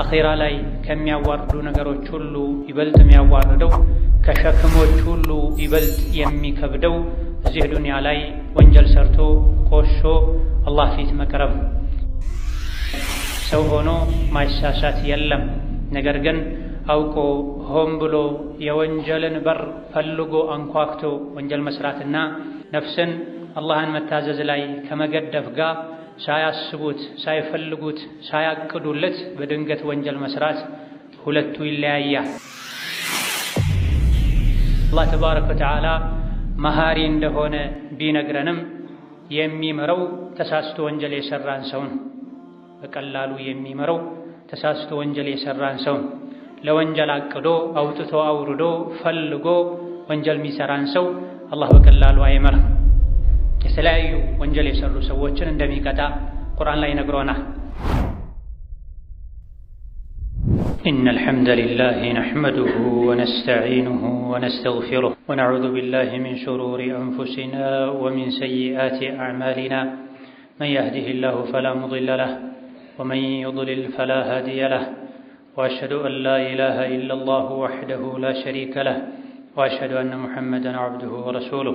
አኼራ ላይ ከሚያዋርዱ ነገሮች ሁሉ ይበልጥ የሚያዋርደው ከሸክሞች ሁሉ ይበልጥ የሚከብደው እዚህ ዱንያ ላይ ወንጀል ሰርቶ ቆሾ አላህ ፊት መቅረብ። ሰው ሆኖ ማይሳሳት የለም። ነገር ግን አውቆ ሆን ብሎ የወንጀልን በር ፈልጎ አንኳክቶ ወንጀል መስራትና ነፍስን አላህን መታዘዝ ላይ ከመገደፍ ጋር ሳያስቡት፣ ሳይፈልጉት፣ ሳያቅዱለት በድንገት ወንጀል መስራት ሁለቱ ይለያያል። አላህ ተባረከ ወተዓላ መሐሪ እንደሆነ ቢነግረንም የሚምረው ተሳስቶ ወንጀል የሰራን ሰውን በቀላሉ የሚምረው ተሳስቶ ወንጀል የሰራን ሰውን ለወንጀል አቅዶ አውጥቶ አውርዶ ፈልጎ ወንጀል የሚሰራን ሰው አላህ በቀላሉ አይመራም። የተለያዩ ወንጀል የሰሩ ሰዎችን እንደሚቀጣ قرآن ላይ ይነግሮናል። إن الحمد لله نحمده ونستعينه ونستغفره ونعوذ بالله من شرور أنفسنا ومن سيئات أعمالنا من يهده الله فلا مضل له ومن يضلل فلا هادي له وأشهد أن لا إله إلا الله وحده لا شريك له وأشهد أن محمدا عبده ورسوله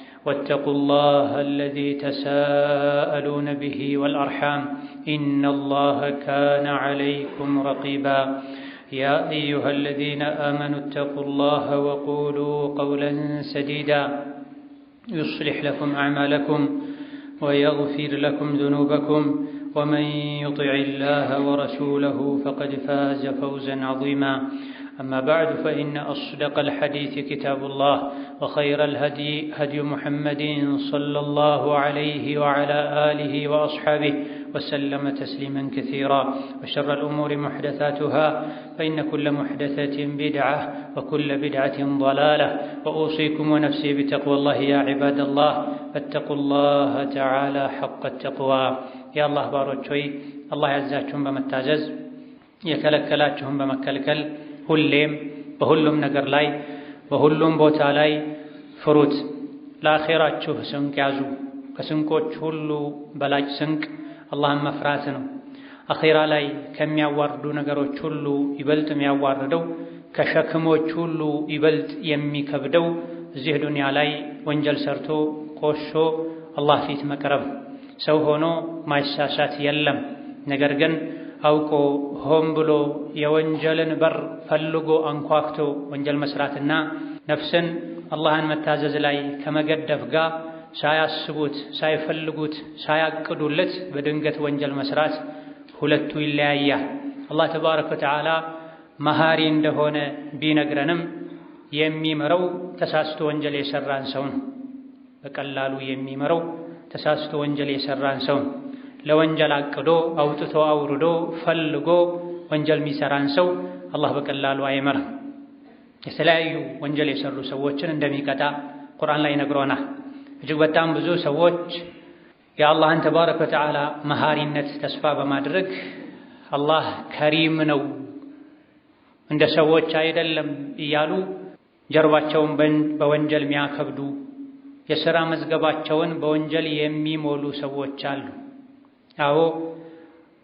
واتقوا الله الذي تساءلون به والأرحام إن الله كان عليكم رقيبا يا أيها الذين آمنوا اتقوا الله وقولوا قولا سديدا يصلح لكم أعمالكم ويغفر لكم ذنوبكم ومن يطع الله ورسوله فقد فاز فوزا عظيما أما بعد فإن أصدق الحديث كتاب الله وخير الهدي هدي محمد صلى الله عليه وعلى آله وأصحابه وسلم تسليما كثيرا وشر الأمور محدثاتها فإن كل محدثة بدعة وكل بدعة ضلالة وأوصيكم ونفسي بتقوى الله يا عباد الله فاتقوا الله تعالى حق التقوى يا الله ባሮች ሆይ አላህ ያዛችሁን በመታዘዝ بمكلكل በመከልከል ሁሌም በሁሉም ነገር ላይ በሁሉም ቦታ ላይ ፍሩት። ለአኼራችሁ ስንቅ ያዙ። ከስንቆች ሁሉ በላጭ ስንቅ አላህን መፍራት ነው። አኼራ ላይ ከሚያዋርዱ ነገሮች ሁሉ ይበልጥ የሚያዋርደው ከሸክሞች ሁሉ ይበልጥ የሚከብደው እዚህ ዱንያ ላይ ወንጀል ሰርቶ ቆሾ አላህ ፊት መቅረብ። ሰው ሆኖ ማይሳሳት የለም። ነገር ግን አውቆ ሆን ብሎ የወንጀልን በር ፈልጎ አንኳክቶ ወንጀል መስራትና ነፍስን አላህን መታዘዝ ላይ ከመገደፍ ጋር ሳያስቡት፣ ሳይፈልጉት፣ ሳያቅዱለት በድንገት ወንጀል መስራት ሁለቱ ይለያያል። አላህ ተባረከ ወተዓላ መሃሪ እንደሆነ ቢነግረንም የሚምረው ተሳስቶ ወንጀል የሰራን ሰውን በቀላሉ የሚምረው ተሳስቶ ወንጀል የሰራን ሰው ለወንጀል አቅዶ አውጥቶ አውርዶ ፈልጎ ወንጀል የሚሰራን ሰው አላህ በቀላሉ አይመራም። የተለያዩ ወንጀል የሰሩ ሰዎችን እንደሚቀጣ ቁርአን ላይ ነግሮናል። እጅግ በጣም ብዙ ሰዎች የአላህን ተባረከ ወተዓላ መሃሪነት ተስፋ በማድረግ አላህ ከሪም ነው እንደ ሰዎች አይደለም እያሉ ጀርባቸውን በወንጀል የሚያከብዱ የሥራ መዝገባቸውን በወንጀል የሚሞሉ ሰዎች አሉ። አዎ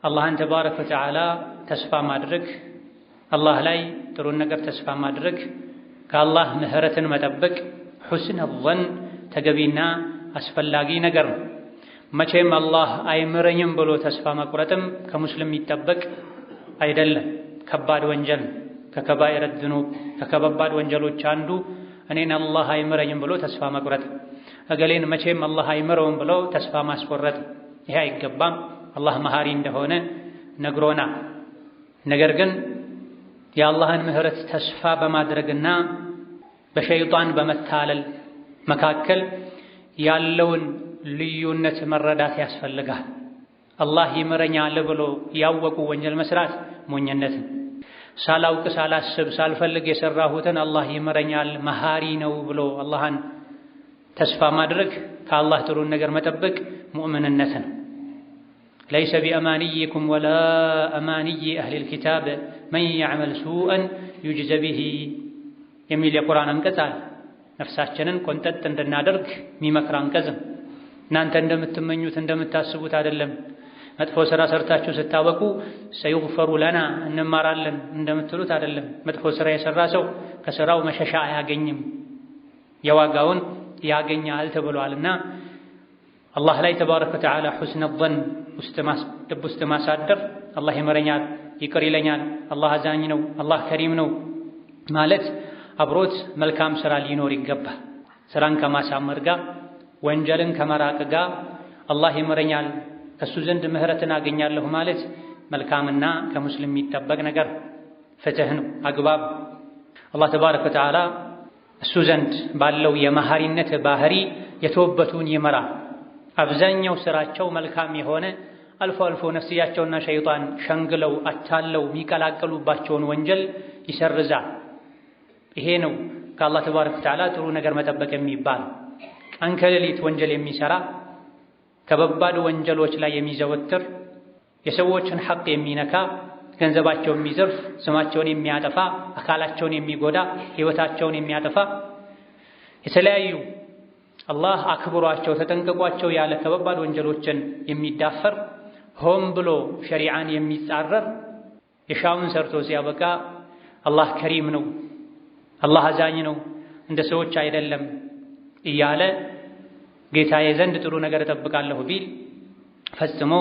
አላህን ተባረክ ወተዓላ ተስፋ ማድረግ፣ አላህ ላይ ጥሩን ነገር ተስፋ ማድረግ፣ ከአላህ ምህረትን መጠበቅ ሑስነ ዞን ተገቢና አስፈላጊ ነገር ነው። መቼም አላህ አይምረኝም ብሎ ተስፋ መቁረጥም ከሙስሊም የሚጠበቅ አይደለም። ከባድ ወንጀል ከከባኢረ ዝኑብ ከከባባድ ወንጀሎች አንዱ እኔን አላህ አይምረኝም ብሎ ተስፋ መቁረጥ፣ እገሌን መቼም አላህ አይምረውም ብሎ ተስፋ ማስቆረጥ ይሄ አይገባም፣ አላህ መሃሪ እንደሆነ ነግሮና ነገር ግን የአላህን ምህረት ተስፋ በማድረግና በሸይጣን በመታለል መካከል ያለውን ልዩነት መረዳት ያስፈልጋል። አላህ ይምረኛል ብሎ ያወቁ ወንጀል መስራት ሞኝነት ነው። ሳላውቅ ሳላስብ ሳልፈልግ የሰራሁትን አላህ ይምረኛል መሃሪ ነው ብሎ አላህን ተስፋ ማድረግ ከአላህ ጥሩን ነገር መጠበቅ ሙእምንነት ነው። ለይሰ ቢአማንይኩም ወላ አማንይ አህሊል ኪታብ መን ያዕመል ሱአን ዩጅዘ ቢሂ የሚል የቁርአን አንቀጽ አለ። ነፍሳችንን ቆንጠጥ እንድናደርግ የሚመክር አንቀጽም። እናንተ እንደምትመኙት እንደምታስቡት አይደለም። መጥፎ ስራ ሰርታችሁ ስታበቁ ሰዩግፈሩ ለና እንማራለን እንደምትሉት አይደለም። መጥፎ ስራ የሰራ ሰው ከስራው መሸሻ አያገኝም የዋጋውን ያገኛል ተብሏልና አላህ ላይ ተባረከ ወተዓላ ሑስነ ظን ልብ ውስጥ ማሳደር አላህ ይመረኛል፣ ይቅር ይለኛል፣ አላህ አዛኝ ነው፣ አላህ ከሪም ነው ማለት አብሮት መልካም ስራ ሊኖር ይገባል። ስራን ከማሳመር ጋር ወንጀልን ከመራቅ ጋር አላህ ይመረኛል፣ ከእሱ ዘንድ ምህረትን አገኛለሁ ማለት መልካምና ከሙስሊም የሚጠበቅ ነገር ፍትህ ነው፣ አግባብ አላህ ተባረከ ወተዓላ እሱ ዘንድ ባለው የመሐሪነት ባህሪ የተወበቱን ይመራ። አብዛኛው ስራቸው መልካም የሆነ አልፎ አልፎ ነፍስያቸውና ሸይጣን ሸንግለው አታለው የሚቀላቀሉባቸውን ወንጀል ይሰርዛል። ይሄ ነው ከአላህ ተባረከ ወተዓላ ጥሩ ነገር መጠበቅ የሚባል ቀን ከሌሊት ወንጀል የሚሰራ ከበባድ ወንጀሎች ላይ የሚዘወትር የሰዎችን ሐቅ የሚነካ ገንዘባቸው የሚዘርፍ፣ ስማቸውን የሚያጠፋ፣ አካላቸውን የሚጎዳ፣ ህይወታቸውን የሚያጠፋ የተለያዩ አላህ አክብሯቸው ተጠንቀቋቸው ያለ ከበባድ ወንጀሎችን የሚዳፈር ሆን ብሎ ሸሪዓን የሚጻረር የሻውን ሰርቶ ሲያበቃ አላህ ከሪም ነው፣ አላህ አዛኝ ነው፣ እንደ ሰዎች አይደለም እያለ ጌታዬ ዘንድ ጥሩ ነገር እጠብቃለሁ ቢል ፈጽሞ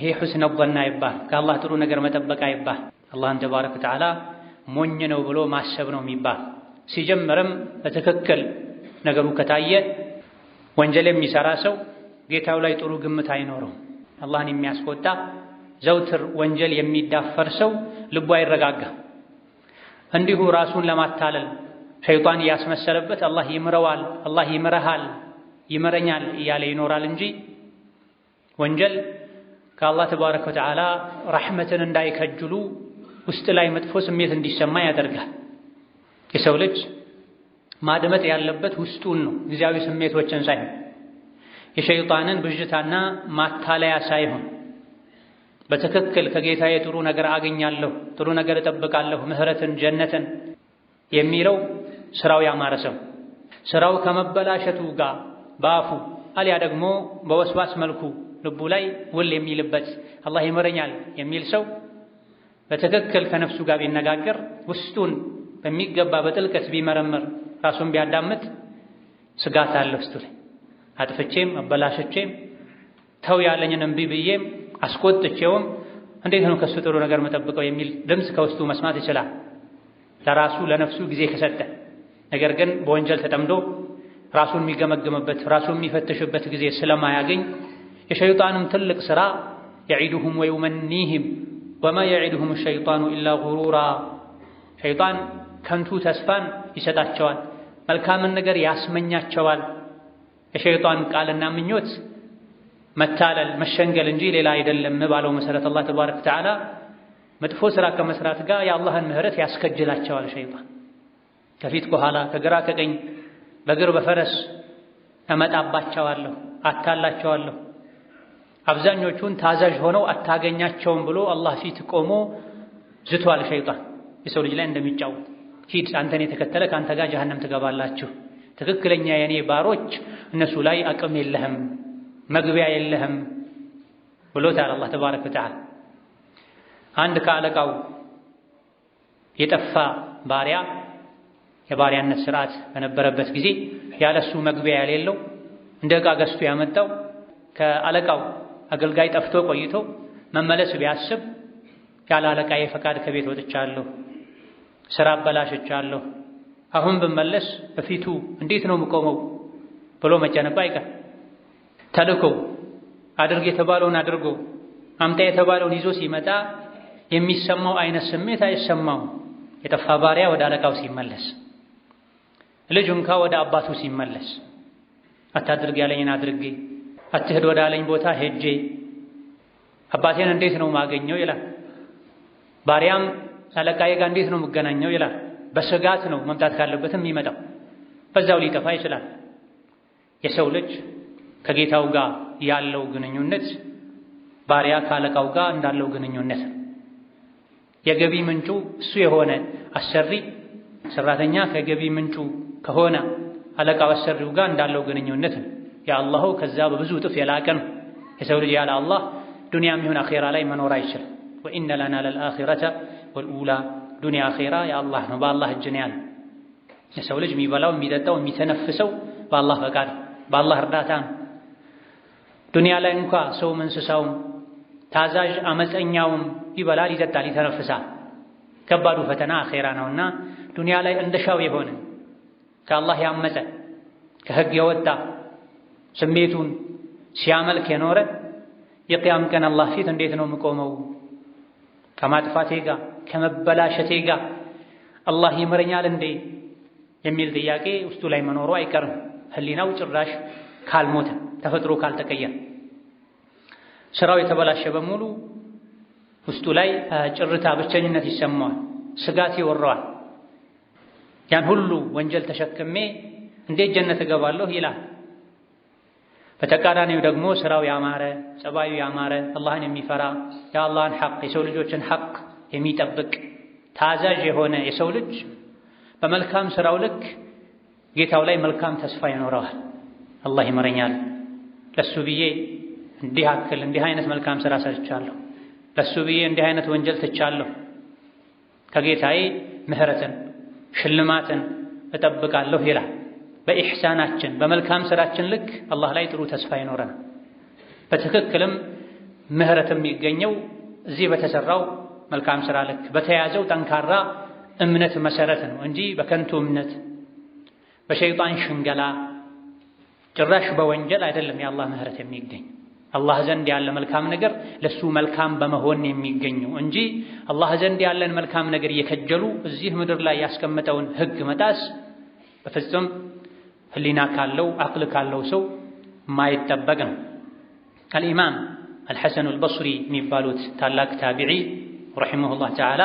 ይሄ ሑስነ ظن አይባል። ከአላህ ጥሩ ነገር መጠበቅ አይባል። አላህን ተባረከ ወተዓላ ሞኝ ነው ብሎ ማሰብ ነው የሚባል። ሲጀመርም በትክክል ነገሩ ከታየ ወንጀል የሚሰራ ሰው ጌታው ላይ ጥሩ ግምት አይኖረውም። አላህን የሚያስቆጣ ዘውትር ወንጀል የሚዳፈር ሰው ልቡ አይረጋጋም። እንዲሁ ራሱን ለማታለል ሸይጣን እያስመሰለበት አላህ ይምረዋል፣ አላህ ይምረሃል፣ ይምረኛል እያለ ይኖራል እንጂ ወንጀል ከአላህ ተባረከ ወተዓላ ረሕመትን እንዳይከጅሉ ውስጥ ላይ መጥፎ ስሜት እንዲሰማ ያደርጋል። የሰው ልጅ ማድመጥ ያለበት ውስጡን ነው፣ ጊዜያዊ ስሜቶችን ሳይሆን የሸይጣንን ብዥታና ማታለያ ሳይሆን በትክክል ከጌታዬ ጥሩ ነገር አገኛለሁ፣ ጥሩ ነገር እጠብቃለሁ፣ ምህረትን፣ ጀነትን የሚለው ስራው ያማረ ሰው ስራው ከመበላሸቱ ጋር በአፉ አሊያ ደግሞ በወስዋስ መልኩ ልቡ ላይ ውል የሚልበት አላህ ይመረኛል የሚል ሰው በትክክል ከነፍሱ ጋር ቢነጋገር ውስጡን በሚገባ በጥልቀት ቢመረምር ራሱን ቢያዳምጥ ስጋት አለ ውስጡ ላይ አጥፍቼም አበላሽቼም፣ ተው ያለኝን እምቢ ብዬም አስቆጥቼውም እንዴት ነው ከሱ ጥሩ ነገር መጠብቀው የሚል ድምፅ ከውስጡ መስማት ይችላል ለራሱ ለነፍሱ ጊዜ ከሰጠ ነገር ግን በወንጀል ተጠምዶ ራሱን የሚገመግምበት ራሱን የሚፈትሽበት ጊዜ ስለማያገኝ የሸይጣንም ትልቅ ሥራ የዒዱሁም ወዩመኒህም ወማ የዒዱሁም ሸይጣኑ ኢላ ጉሩራ ሸይጣን ከንቱ ተስፋን ይሰጣቸዋል፣ መልካምን ነገር ያስመኛቸዋል። የሸይጣን ቃልና ምኞት መታለል፣ መሸንገል እንጂ ሌላ አይደለም ባለው መሰረት አላህ ተባረከ ወተዓላ መጥፎ ሥራ ከመስራት ጋር የአላህን ምሕረት ያስከጅላቸዋል። ሸይጣን ከፊት ከኋላ ከግራ ከቀኝ በእግር በፈረስ እመጣባቸዋለሁ፣ አታላቸዋለሁ አብዛኞቹን ታዛዥ ሆነው አታገኛቸውም ብሎ አላህ ፊት ቆሞ ዝቷል። ሸይጣን የሰው ልጅ ላይ እንደሚጫወት ሂድ፣ አንተን የተከተለ ከአንተ ጋር ጀሀነም ትገባላችሁ፣ ትክክለኛ የእኔ ባሮች እነሱ ላይ አቅም የለህም፣ መግቢያ የለህም ብሎታል አላህ ተባረከ ወተዓላ። አንድ ከአለቃው የጠፋ ባሪያ የባሪያነት ስርዓት በነበረበት ጊዜ ያለሱ መግቢያ የሌለው እንደ ዕቃ ገዝቶ ያመጣው ከአለቃው አገልጋይ ጠፍቶ ቆይቶ መመለስ ቢያስብ ያለ አለቃዬ ፈቃድ ከቤት ወጥቻለሁ፣ ስራ አበላሽቻለሁ፣ አሁን ብመለስ በፊቱ እንዴት ነው የምቆመው ብሎ መጨነቁ አይቀር። ተልኮ አድርግ የተባለውን አድርጎ አምጣ የተባለውን ይዞ ሲመጣ የሚሰማው አይነት ስሜት አይሰማውም። የጠፋ ባሪያ ወደ አለቃው ሲመለስ፣ ልጅ እንኳ ወደ አባቱ ሲመለስ አታድርግ ያለኝን አድርጌ አትሄድ ወዳለኝ ቦታ ሄጄ አባቴን እንዴት ነው ማገኘው ይላል። ባሪያም አለቃዬ ጋር እንዴት ነው የምገናኘው ይላል። በስጋት ነው መምጣት ካለበትም የሚመጣው፣ በዛው ሊጠፋ ይችላል። የሰው ልጅ ከጌታው ጋር ያለው ግንኙነት ባሪያ ካለቃው ጋር እንዳለው ግንኙነት ነው። የገቢ ምንጩ እሱ የሆነ አሰሪ ሰራተኛ ከገቢ ምንጩ ከሆነ አለቃው አሰሪው ጋር እንዳለው ግንኙነት ነው። የአላሁ ከዛ በብዙ እጥፍ የላቀ ነው። የሰው ልጅ ያለ አላህ ዱንያም ይሁን አኼራ ላይ መኖር አይችልም። ወኢነ ለና ለልአኼረተ ወልኡላ ዱንያ አኼራ የአላህ ነው፣ በአላህ እጅ ነው ያለ። የሰው ልጅ የሚበላው የሚጠጣው የሚተነፍሰው በአላህ ፈቃድ በአላህ እርዳታ ነው። ዱንያ ላይ እንኳ ሰውም እንስሳውም ታዛዥ አመፀኛውም ይበላል፣ ይጠጣል፣ ይተነፍሳል። ከባዱ ፈተና አኼራ ነውና ዱንያ ላይ እንደሻው የሆነ ከአላህ ያመፀ ከህግ የወጣ ስሜቱን ሲያመልክ የኖረ የቅያም ቀን አላህ ፊት እንዴት ነው የምቆመው? ከማጥፋቴ ጋር ከመበላሸቴ ጋር አላህ ይምረኛል እንዴ የሚል ጥያቄ ውስጡ ላይ መኖሩ አይቀርም። ህሊናው ጭራሽ ካልሞተ ተፈጥሮ ካልተቀየረ ስራው የተበላሸ በሙሉ ውስጡ ላይ ጭርታ፣ ብቸኝነት ይሰማዋል፣ ስጋት ይወረዋል። ያን ሁሉ ወንጀል ተሸክሜ እንዴት ጀነት እገባለሁ ይላል። በተቃራኒው ደግሞ ስራው ያማረ ጸባዩ ያማረ አላህን የሚፈራ የአላህን ሐቅ የሰው ልጆችን ሐቅ የሚጠብቅ ታዛዥ የሆነ የሰው ልጅ በመልካም ስራው ልክ ጌታው ላይ መልካም ተስፋ ይኖረዋል። አላህ ይመረኛል፣ ለሱ ብዬ እንዲህ አክል እንዲህ አይነት መልካም ስራ ሰርቻለሁ፣ ለሱ ብዬ እንዲህ አይነት ወንጀል ትቻለሁ፣ ከጌታዬ ምህረትን ሽልማትን እጠብቃለሁ ይላል። በኢሕሳናችን በመልካም ስራችን ልክ አላህ ላይ ጥሩ ተስፋ ይኖረናል። በትክክልም ምህረት የሚገኘው እዚህ በተሰራው መልካም ስራ ልክ በተያዘው ጠንካራ እምነት መሰረት ነው እንጂ በከንቱ እምነት፣ በሸይጣን ሽንገላ፣ ጭራሽ በወንጀል አይደለም የአላህ ምህረት የሚገኝ አላህ ዘንድ ያለ መልካም ነገር ለሱ መልካም በመሆን የሚገኘው እንጂ አላህ ዘንድ ያለን መልካም ነገር እየከጀሉ እዚህ ምድር ላይ ያስቀመጠውን ህግ መጣስ በፍጹም ህሊና ካለው አቅል ካለው ሰው ማይጠበቅ ነው። አልኢማም አልሐሰን አልበስሪ የሚባሉት ታላቅ ታቢዒ ረሒመሁላህ ተዓላ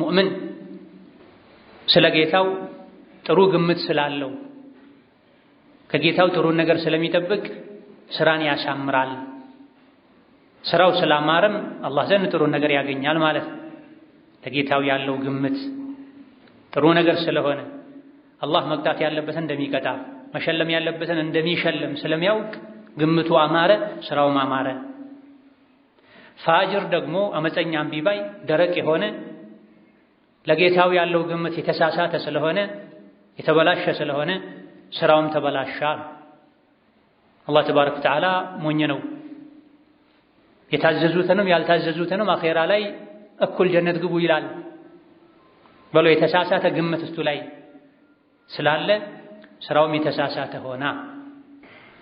ሙእምን ስለ ጌታው ጥሩ ግምት ስላለው ከጌታው ጥሩን ነገር ስለሚጠብቅ ስራን ያሳምራል። ስራው ስላማረም አላህ ዘንድ ጥሩ ነገር ያገኛል ማለት ነው። ለጌታው ያለው ግምት ጥሩ ነገር ስለሆነ አላህ መቅጣት ያለበትን እንደሚቀጣ መሸለም ያለበትን እንደሚሸልም ስለሚያውቅ ግምቱ አማረ፣ ስራውም አማረ። ፋጅር ደግሞ አመፀኛ እምቢባይ ደረቅ የሆነ ለጌታው ያለው ግምት የተሳሳተ ስለሆነ የተበላሸ ስለሆነ ስራውም ተበላሻ። አላህ ተባረከ ወተዓላ ሞኝ ነው። የታዘዙትንም ያልታዘዙትንም አኼራ ላይ እኩል ጀነት ግቡ ይላል ብሎ የተሳሳተ ግምት እሱ ላይ ስላለ ስራውም የተሳሳተ ሆና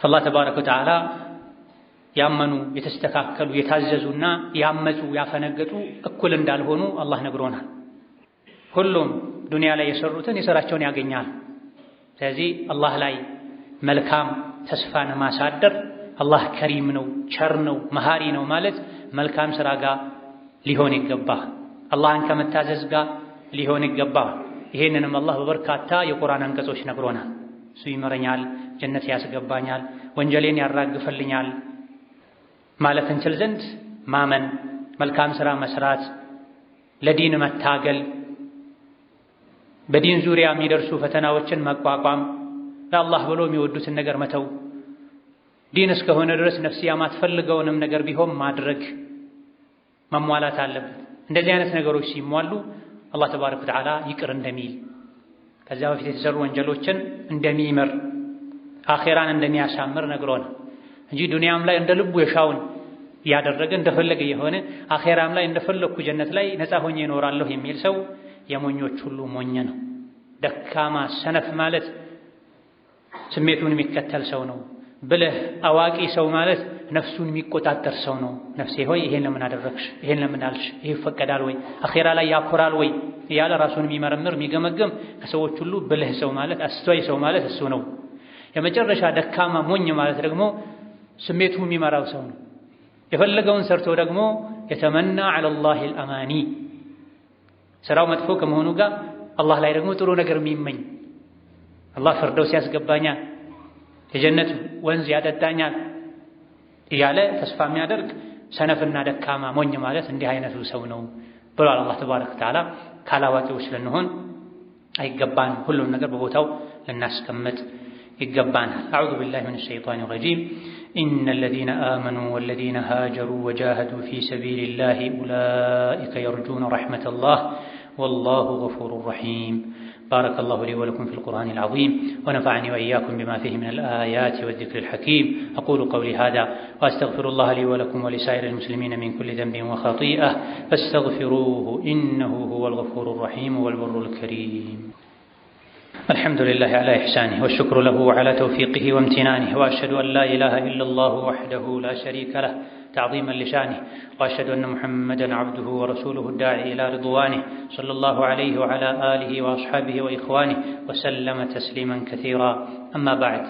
አላህ ተባረከ ወተዓላ ያመኑ የተስተካከሉ የታዘዙና ያመፁ ያፈነገጡ እኩል እንዳልሆኑ አላህ ነግሮናል። ሁሉም ዱንያ ላይ የሰሩትን የሰራቸውን ያገኛል። ስለዚህ አላህ ላይ መልካም ተስፋን ማሳደር አላህ ከሪም ነው፣ ቸር ነው፣ መሃሪ ነው ማለት መልካም ስራ ጋር ሊሆን ይገባ አላህን ከመታዘዝ ጋር ሊሆን ይገባል። ይሄንንም አላህ በበርካታ የቁርአን አንቀጾች ነግሮናል። እሱ ይመረኛል፣ ጀነት ያስገባኛል፣ ወንጀሌን ያራግፈልኛል ማለት እንችል ዘንድ ማመን፣ መልካም ስራ መስራት፣ ለዲን መታገል፣ በዲን ዙሪያ የሚደርሱ ፈተናዎችን መቋቋም፣ ለአላህ ብሎ የሚወዱትን ነገር መተው፣ ዲን እስከሆነ ድረስ ነፍስያ ማትፈልገውንም ነገር ቢሆን ማድረግ መሟላት አለበት። እንደዚህ አይነት ነገሮች ሲሟሉ አላህ ተባረከ ወተዓላ ይቅር እንደሚል ከዚያ በፊት የተሰሩ ወንጀሎችን እንደሚምር አኼራን እንደሚያሳምር ነግሮን እንጂ ዱንያም ላይ እንደ ልቡ የሻውን እያደረገ እንደፈለገ የሆነ አኼራም ላይ እንደፈለግኩ ጀነት ላይ ነፃ ሆኜ እኖራለሁ የሚል ሰው የሞኞች ሁሉ ሞኝ ነው። ደካማ ሰነፍ ማለት ስሜቱን የሚከተል ሰው ነው። ብልህ አዋቂ ሰው ማለት ነፍሱን የሚቆጣጠር ሰው ነው። ነፍሴ ሆይ ይሄን ለምን አደረግሽ? ይሄን ለምን አልሽ? ይሄ ይፈቀዳል ወይ? አኼራ ላይ ያኮራል ወይ? እያለ ራሱን የሚመረምር የሚገመገም ከሰዎች ሁሉ ብልህ ሰው ማለት አስተዋይ ሰው ማለት እሱ ነው። የመጨረሻ ደካማ ሞኝ ማለት ደግሞ ስሜቱ የሚመራው ሰው ነው። የፈለገውን ሰርቶ ደግሞ የተመና አለላህ አማኒ ስራው መጥፎ ከመሆኑ ጋር አላህ ላይ ደግሞ ጥሩ ነገር የሚመኝ አላህ ፍርደው ሲያስገባኛል፣ የጀነት ወንዝ ያጠጣኛል እያለ ተስፋ የሚያደርግ ሰነፍና ደካማ ሞኝ ማለት እንዲህ አይነቱ ሰው ነው ብሏል። አላህ ተባረክ ወተዓላ ካላዋቂዎች ልንሆን አይገባን። ሁሉም ነገር በቦታው ልናስቀምጥ ይገባናል። አዑዙ ቢላሂ ሚነ ሸይጣኒ ረጂም إن الذين آمنوا والذين هاجروا وجاهدوا في سبيل الله أولئك يرجون رحمة الله والله غفور رحيم بارك الله لي ولكم في القرآن العظيم ونفعني وإياكم بما فيه من الآيات والذكر الحكيم أقول قولي هذا وأستغفر الله لي ولكم ولسائر المسلمين من كل ذنب وخطيئة فاستغفروه إنه هو الغفور الرحيم والبر الكريم الحمد لله على إحسانه والشكر له على توفيقه وامتنانه وأشهد أن لا إله إلا الله وحده لا شريك له تعظيما لشانه واشهد ان محمدا عبده ورسوله الداعي الى رضوانه صلى الله عليه وعلى اله واصحابه واخوانه وسلم تسليما كثيرا اما بعد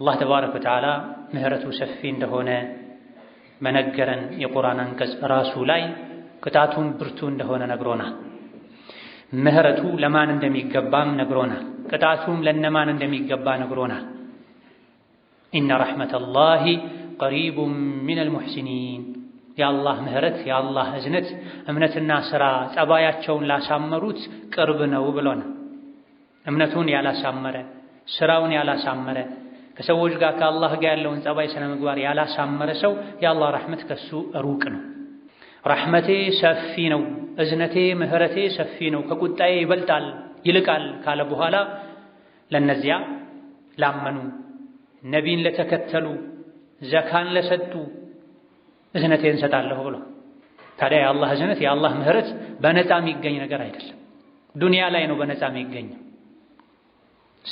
الله تبارك وتعالى مهره سفين دهونه منقرا يقران انكز راسولاي لاي كتاتون برتون دهونه نقرونه مهره لمان اندمي قبام نقرونه كتاتون لنمان اندمي قبام نقرونه ان رحمه الله ቀሪቡን ሚነል ሙሕሲኒን የአላህ ምህረት የአላህ እዝነት እምነትና ሥራ ጠባያቸውን ላሳመሩት ቅርብ ነው ብሎና እምነቱን ያላሳመረ ሥራውን ያላሳመረ ከሰዎች ጋር ከአላህ ጋር ያለውን ጠባይ ስነ ምግባር ያላሳመረ ሰው የአላህ ረሕመት ከሱ ሩቅ ነው። ረሕመቴ ሰፊ ነው፣ እዝነቴ ምህረቴ ሰፊ ነው፣ ከቁጣዬ ይበልጣል ይልቃል ካለ በኋላ ለእነዚያ ላመኑ ነቢን ለተከተሉ ዘካን ለሰጡ እዝነቴን እንሰጣለሁ ብሎ ታዲያ የአላህ እዝነት የአላህ ምህረት በነፃ የሚገኝ ነገር አይደለም። ዱንያ ላይ ነው በነፃ የሚገኘው።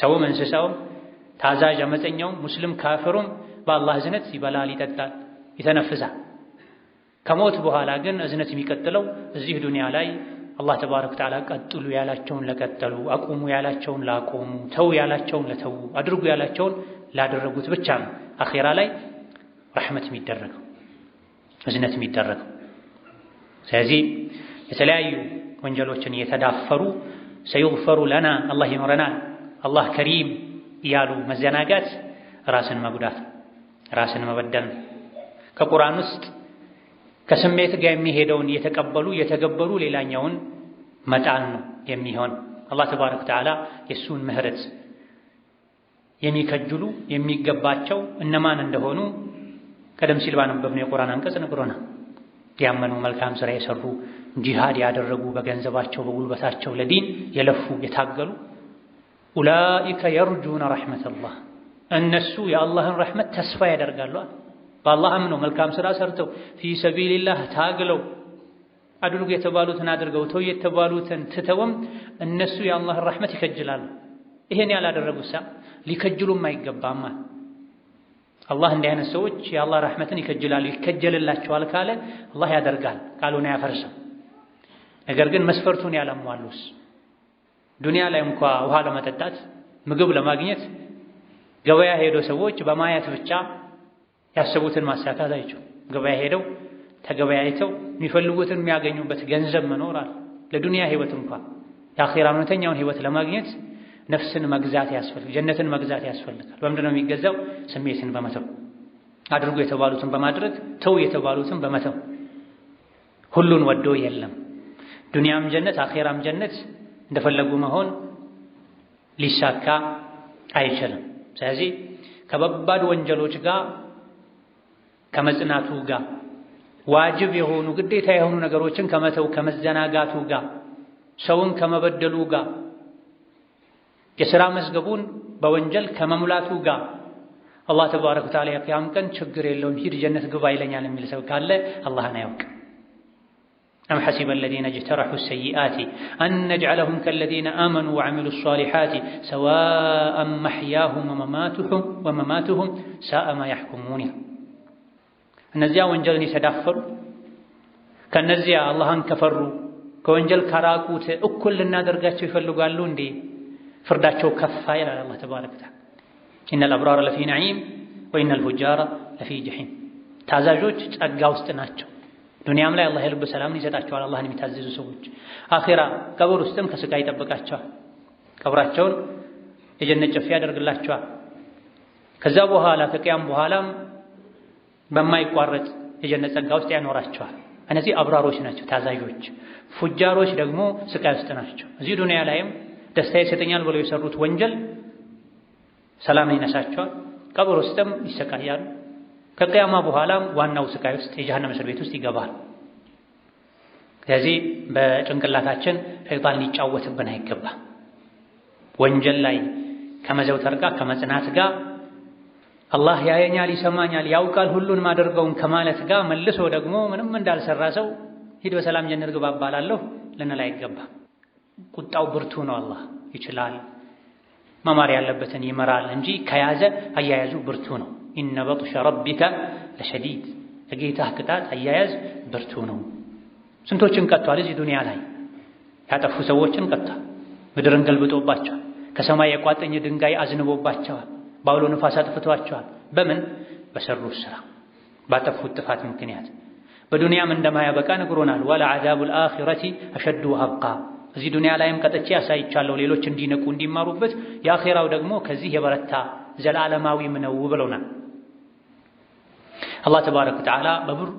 ሰውም እንስሳውም ታዛዥ አመፀኛውም ሙስሊም ካፍሩም በአላህ እዝነት ይበላል፣ ይጠጣል፣ ይተነፍሳል። ከሞት በኋላ ግን እዝነት የሚቀጥለው እዚህ ዱንያ ላይ አላህ ተባረክ ወተዓላ ቀጥሉ ያላቸውን ለቀጠሉ፣ አቁሙ ያላቸውን ላቆሙ፣ ተው ያላቸውን ለተዉ፣ አድርጉ ያላቸውን ላደረጉት ብቻ ነው አኼራ ላይ ረሕመት የሚደረገው እዝነት የሚደረገው። ስለዚህ የተለያዩ ወንጀሎችን እየተዳፈሩ ሰዩግፈሩ ለና አላህ ይምረናል አላህ ከሪም እያሉ መዘናጋት ራስን መጉዳት፣ ራስን መበደል ከቁርአን ውስጥ ከስሜት ጋር የሚሄደውን እየተቀበሉ እየተገበሩ ሌላኛውን መጣል ነው የሚሆን። አላህ ተባረከ ወተዓላ የእሱን ምህረት የሚከጅሉ የሚገባቸው እነማን እንደሆኑ ቀደም ሲል ባነበብነው የቁርአን አንቀጽ ነግሮናል። ያመኑ መልካም ስራ የሰሩ ጂሃድ ያደረጉ በገንዘባቸው በጉልበታቸው ለዲን የለፉ የታገሉ ኡላኢከ የርጁነ ረሕመተላህ እነሱ የአላህን ረሕመት ተስፋ ያደርጋሉ። በአላህ አምነው መልካም ስራ ሰርተው ፊ ሰቢልላህ ታግለው አድርጉ የተባሉትን አድርገው ተው የተባሉትን ትተውም እነሱ የአላህን ረሕመት ይከጅላሉ። ይሄን ሳ ሊከጅሉም አይገባማል። አላህ እንዲህ አይነት ሰዎች የአላህ ረሕመትን ይከጅላሉ ይከጀልላቸዋል ካለ አላህ ያደርጋል፣ ቃሉን ያፈርሰው። ነገር ግን መስፈርቱን ያላሟሉስ ዱንያ ላይ እንኳ ውሃ ለመጠጣት ምግብ ለማግኘት ገበያ ሄዶ ሰዎች በማየት ብቻ ያሰቡትን ማሳካት አይችው። ገበያ ሄደው ተገበያይተው የሚፈልጉትን የሚያገኙበት ገንዘብ መኖራል። ለዱንያ ህይወት እንኳ የአኼራ እውነተኛውን ህይወት ለማግኘት ነፍስን መግዛት ያስፈልጋል። ጀነትን መግዛት ያስፈልጋል። በምንድን ነው የሚገዛው? ስሜትን በመተው አድርጉ የተባሉትን በማድረግ ተው የተባሉትን በመተው ሁሉን ወዶ የለም። ዱንያም ጀነት አኼራም ጀነት እንደፈለጉ መሆን ሊሳካ አይችልም። ስለዚህ ከበባድ ወንጀሎች ጋር ከመጽናቱ ጋር ዋጅብ የሆኑ ግዴታ የሆኑ ነገሮችን ከመተው ከመዘናጋቱ ጋር ሰውን ከመበደሉ ጋር የሥራ መዝገቡን በወንጀል ከመሙላቱ ጋር አላህ ተባረከ ወተዓላ የቂያም ቀን ችግር የለውም ሂድ ጀነት ግባ ይለኛል የሚል ሰው ካለ አላህን አያውቅም። أم حسب الذين اجترحوا السيئات أن نجعلهم كالذين آمنوا وعملوا الصالحات سواء محياهم ومماتهم ومماتهم ساء ما يحكمون እነዚያ ወንጀልን የተዳፈሩ ከነዚያ አላህን ከፈሩ ከወንጀል ከራቁት እኩል ልናደርጋቸው ይፈልጋሉ እንዴ? ፍርዳቸው ከፋ ይላል አላህ ተባረከ ወተዓላ ኢነል አብራረ ለፊ ነዒም ወኢነል ፉጃረ ለፊ ጀሒም። ታዛዦች ጸጋ ውስጥ ናቸው። ዱንያም ላይ አላህ የልብ ሰላምን ይሰጣቸዋል። አላህን የሚታዘዙ ሰዎች አኺራ ቀብር ውስጥም ከስቃይ ይጠብቃቸዋል። ቀብራቸውን የጀነት ጨፌ ያደርግላቸዋል። ከዛ በኋላ ከቅያም በኋላም በማይቋረጥ የጀነት ጸጋ ውስጥ ያኖራቸዋል። እነዚህ አብራሮች ናቸው ታዛዦች። ፉጃሮች ደግሞ ስቃይ ውስጥ ናቸው። እዚህ ዱንያ ላይም ደስታ ይሰጠኛል ብለው የሰሩት ወንጀል ሰላም ይነሳቸዋል። ቀብር ውስጥም ይሰቃያሉ። ከቅያማ በኋላም ዋናው ስቃይ ውስጥ የጀሃነም እስር ቤት ውስጥ ይገባል። ስለዚህ በጭንቅላታችን ሸይጣን ሊጫወትብን አይገባ። ወንጀል ላይ ከመዘውተር ጋር ከመጽናት ጋር አላህ ያየኛል፣ ይሰማኛል፣ ያውቃል ሁሉንም ማደርገውን ከማለት ጋር መልሶ ደግሞ ምንም እንዳልሰራ ሰው ሂድ በሰላም ጀነት ግባ እባላለሁ ልንል አይገባም። ቁጣው ብርቱ ነው። አላህ ይችላል መማር ያለበትን ይመራል እንጂ ከያዘ አያያዙ ብርቱ ነው። ኢነ በጥሸ ረቢከ ለሸዲድ፣ የጌታህ ቅጣት አያያዝ ብርቱ ነው። ስንቶችን ቀጥቷል እዚህ ዱንያ ላይ ያጠፉ ሰዎችን ቀጥቷል። ምድርን ገልብጦባቸዋል። ከሰማይ የቋጠኝ ድንጋይ አዝንቦባቸዋል። በአውሎ ንፋስ አጥፍቷቸዋል። በምን በሰሩት ስራ፣ ባጠፉት ጥፋት ምክንያት። በዱንያም እንደማያበቃ ነግሮናል። አዛቡል አኺረቲ አሸዱ አብቃ እዚህ ዱንያ ላይም ቀጥቼ ያሳይቻለሁ ሌሎች እንዲነቁ እንዲማሩበት፣ የአኼራው ደግሞ ከዚህ የበረታ ዘላለማዊም ነው ብለውናል። አላህ ተባረከ ወተዓላ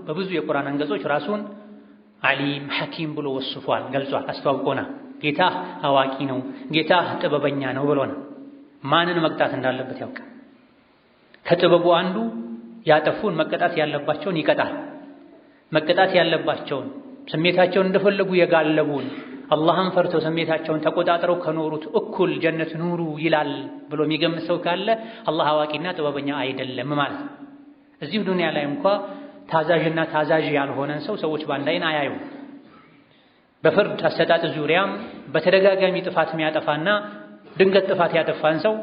በብዙ የቁርአን አንገጾች ራሱን ዓሊም ሐኪም ብሎ ወስፏል፣ ገልጿል፣ አስተዋውቆና ጌታህ አዋቂ ነው፣ ጌታህ ጥበበኛ ነው ብሎናል። ማንን መቅጣት እንዳለበት ያውቃል። ከጥበቡ አንዱ ያጠፉን መቀጣት ያለባቸውን ይቀጣል። መቀጣት ያለባቸውን ስሜታቸውን እንደፈለጉ የጋለቡን አላህን ፈርተው ስሜታቸውን ተቆጣጥረው ከኖሩት እኩል ጀነት ኑሩ ይላል ብሎ የሚገምት ሰው ካለ አላህ አዋቂና ጥበበኛ አይደለም ማለት ነው። እዚሁ ዱንያ ላይ እንኳ ታዛዥና ታዛዥ ያልሆነን ሰው ሰዎች በአንድ አይን አያዩ። በፍርድ አሰጣጥ ዙሪያም በተደጋጋሚ ጥፋት የሚያጠፋና ድንገት ጥፋት ያጠፋን ሰው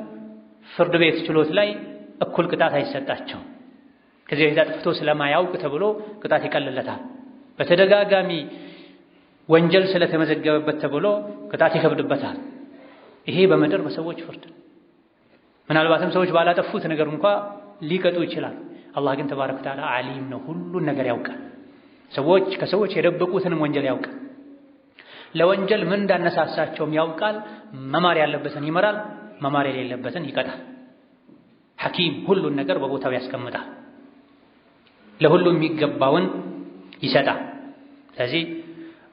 ፍርድ ቤት ችሎት ላይ እኩል ቅጣት አይሰጣቸው። ከዚህ በፊት አጥፍቶ ስለማያውቅ ተብሎ ቅጣት ይቀልለታል። በተደጋጋሚ ወንጀል ስለተመዘገበበት ተብሎ ቅጣት ይከብድበታል። ይሄ በምድር በሰዎች ፍርድ ምናልባትም ሰዎች ባላጠፉት ነገር እንኳ ሊቀጡ ይችላል። አላህ ግን ተባረከ ወተዓላ ዓሊም ነው፣ ሁሉን ነገር ያውቃል። ሰዎች ከሰዎች የደበቁትንም ወንጀል ያውቃል። ለወንጀል ምን እንዳነሳሳቸውም ያውቃል። መማር ያለበትን ይመራል፣ መማር የሌለበትን ይቀጣል። ሐኪም ሁሉን ነገር በቦታው ያስቀምጣል። ለሁሉም የሚገባውን ይሰጣል። ስለዚህ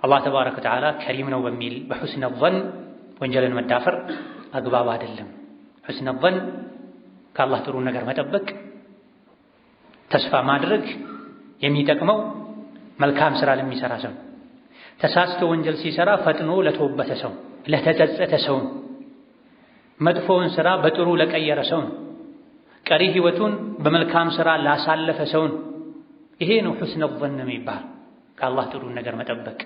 አላህ ተባረከ ወተዓላ ከሪም ነው በሚል በሑስነ ዞን ወንጀልን መዳፈር አግባብ አይደለም። ሑስነ ዞን ከአላህ ጥሩ ነገር መጠበቅ፣ ተስፋ ማድረግ የሚጠቅመው መልካም ስራ ለሚሰራ ሰው፣ ተሳስቶ ወንጀል ሲሰራ ፈጥኖ ለተወበተ ሰው፣ ለተጸጸተ ሰው፣ መጥፎውን ስራ በጥሩ ለቀየረ ሰው፣ ቀሪ ህይወቱን በመልካም ስራ ላሳለፈ ሰውን ይሄ ነው ሑስነ ዞን የሚባል ከአላህ ጥሩ ነገር መጠበቅ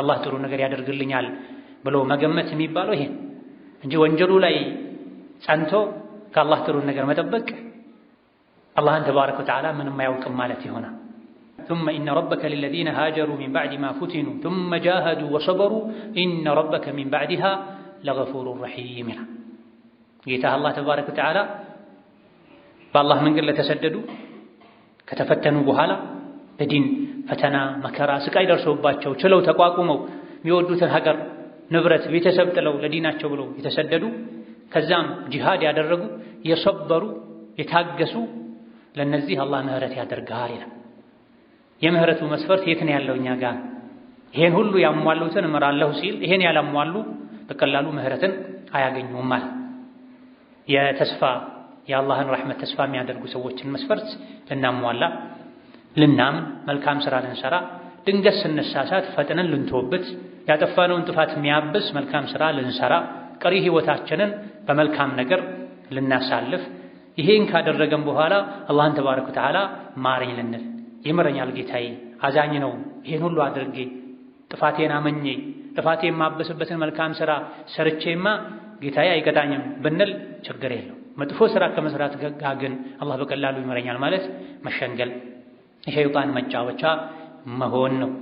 አላህ ጥሩ ነገር ያደርግልኛል ብሎ መገመት የሚባለው ይሄ እንጂ ወንጀሉ ላይ ጸንቶ ከአላህ ጥሩ ነገር መጠበቅ አላህን ተባረከ ወተዓላ ምንም አያውቅም ማለት ይሆናል። ثم إن ربك للذين هاجروا من بعد ما فتنوا ثم جاهدوا وصبروا إن ربك من بعدها لغفور رحيم ይላል። ጌታ አላህ ተባረከ ወተዓላ በአላህ መንገድ ለተሰደዱ ከተፈተኑ በኋላ ለዲን ፈተና፣ መከራ፣ ስቃይ ደርሶባቸው ችለው ተቋቁመው የሚወዱትን ሀገር፣ ንብረት፣ ቤተሰብ ጥለው ለዲናቸው ብለው የተሰደዱ ከዛም ጂሃድ ያደረጉ የሰበሩ የታገሱ ለነዚህ አላህ ምህረት ያደርጋል ይላል። የምህረቱ መስፈርት የት ነው ያለው? እኛ ጋር ይሄን ሁሉ ያሟሉትን እምራለሁ ሲል ይሄን ያላሟሉ በቀላሉ ምህረትን አያገኙም ማለት የተስፋ የአላህን ረሕመት ተስፋ የሚያደርጉ ሰዎችን መስፈርት ልናሟላ ልናምን መልካም ስራ ልንሰራ ድንገት ስንሳሳት ፈጥነን ልንተውበት ያጠፋነውን ጥፋት የሚያብስ መልካም ስራ ልንሰራ ቀሪ ህይወታችንን በመልካም ነገር ልናሳልፍ ይሄን ካደረገን በኋላ አላህን ተባረከ ወተዓላ ማረኝ ልንል ይምረኛል ጌታዬ አዛኝ ነው ይሄን ሁሉ አድርጌ ጥፋቴን አመኜ ጥፋቴ የማበስበትን መልካም ስራ ሰርቼማ ጌታዬ አይቀጣኝም ብንል ችግር የለው መጥፎ ስራ ከመስራት ጋር ግን አላህ በቀላሉ ይምረኛል ማለት መሸንገል የሸይጣን መጫወቻ መሆን ነው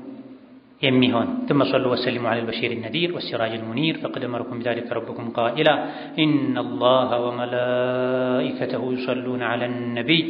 የሚሆን ثم صلوا وسلموا على البشير النذير والسراج المنير فقد امركم بذلك ربكم قائلا ان الله وملائكته يصلون على النبي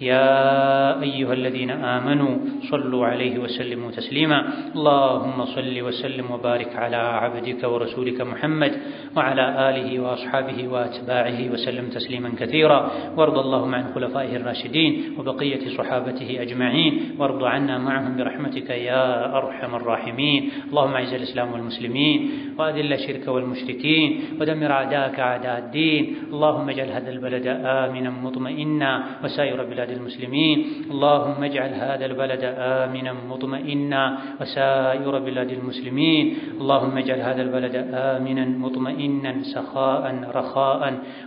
يا أيها الذين آمنوا صلوا عليه وسلموا تسليما اللهم صل وسلم وبارك على عبدك ورسولك محمد وعلى آله وأصحابه وأتباعه وسلم تسليما كثيرا وارض اللهم عن خلفائه الراشدين وبقية صحابته أجمعين وارض عنا معهم برحمتك يا أرحم الراحمين اللهم أعز الإسلام والمسلمين وأذل الشرك والمشركين ودمر أعداءك أعداء الدين اللهم اجعل هذا البلد آمنا مطمئنا وسائر بلاد بلاد المسلمين اللهم اجعل هذا البلد آمنا مطمئنا وسائر بلاد المسلمين اللهم اجعل هذا البلد آمنا مطمئنا سخاء رخاء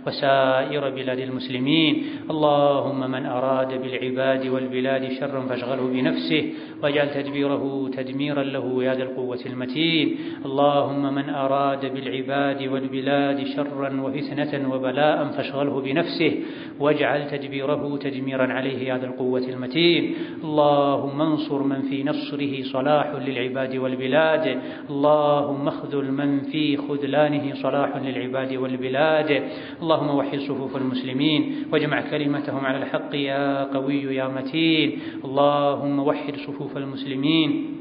وسائر بلاد المسلمين اللهم من أراد بالعباد والبلاد شرا فاشغله بنفسه واجعل تدبيره تدميرا له يا ذا القوة المتين اللهم من أراد بالعباد والبلاد شرا وفتنة وبلاء فاشغله بنفسه واجعل تدبيره تدميرا تعاون عليه يا ذا القوة المتين اللهم انصر من في نصره صلاح للعباد والبلاد اللهم اخذل من في خذلانه صلاح للعباد والبلاد اللهم وحي صفوف المسلمين واجمع كلمتهم على الحق يا قوي يا متين اللهم وحد صفوف المسلمين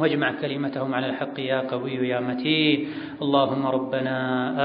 واجمع كلمتهم على الحق يا قوي يا متين اللهم ربنا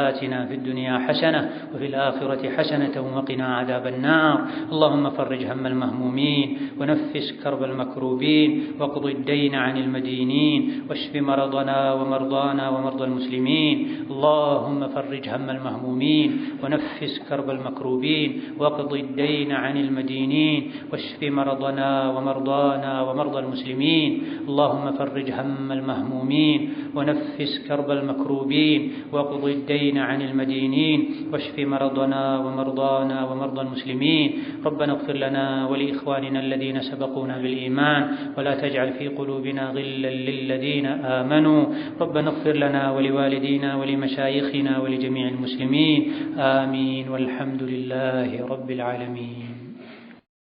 آتنا في الدنيا حسنة وفي الآخرة حسنة وقنا عذاب النار اللهم فرج هم المهمومين ونفس كرب المكروبين واقض الدين عن المدينين واشف مرضنا ومرضانا ومرضى المسلمين اللهم فرج هم المهمومين ونفس كرب المكروبين واقض الدين عن المدينين واشف مرضنا ومرضانا ومرضى المسلمين اللهم فرج وفرج هم المهمومين ونفس كرب المكروبين واقض الدين عن المدينين واشف مرضنا ومرضانا ومرضى المسلمين ربنا اغفر لنا ولاخواننا الذين سبقونا بالايمان ولا تجعل في قلوبنا غلا للذين امنوا ربنا اغفر لنا ولوالدينا ولمشايخنا ولجميع المسلمين امين والحمد لله رب العالمين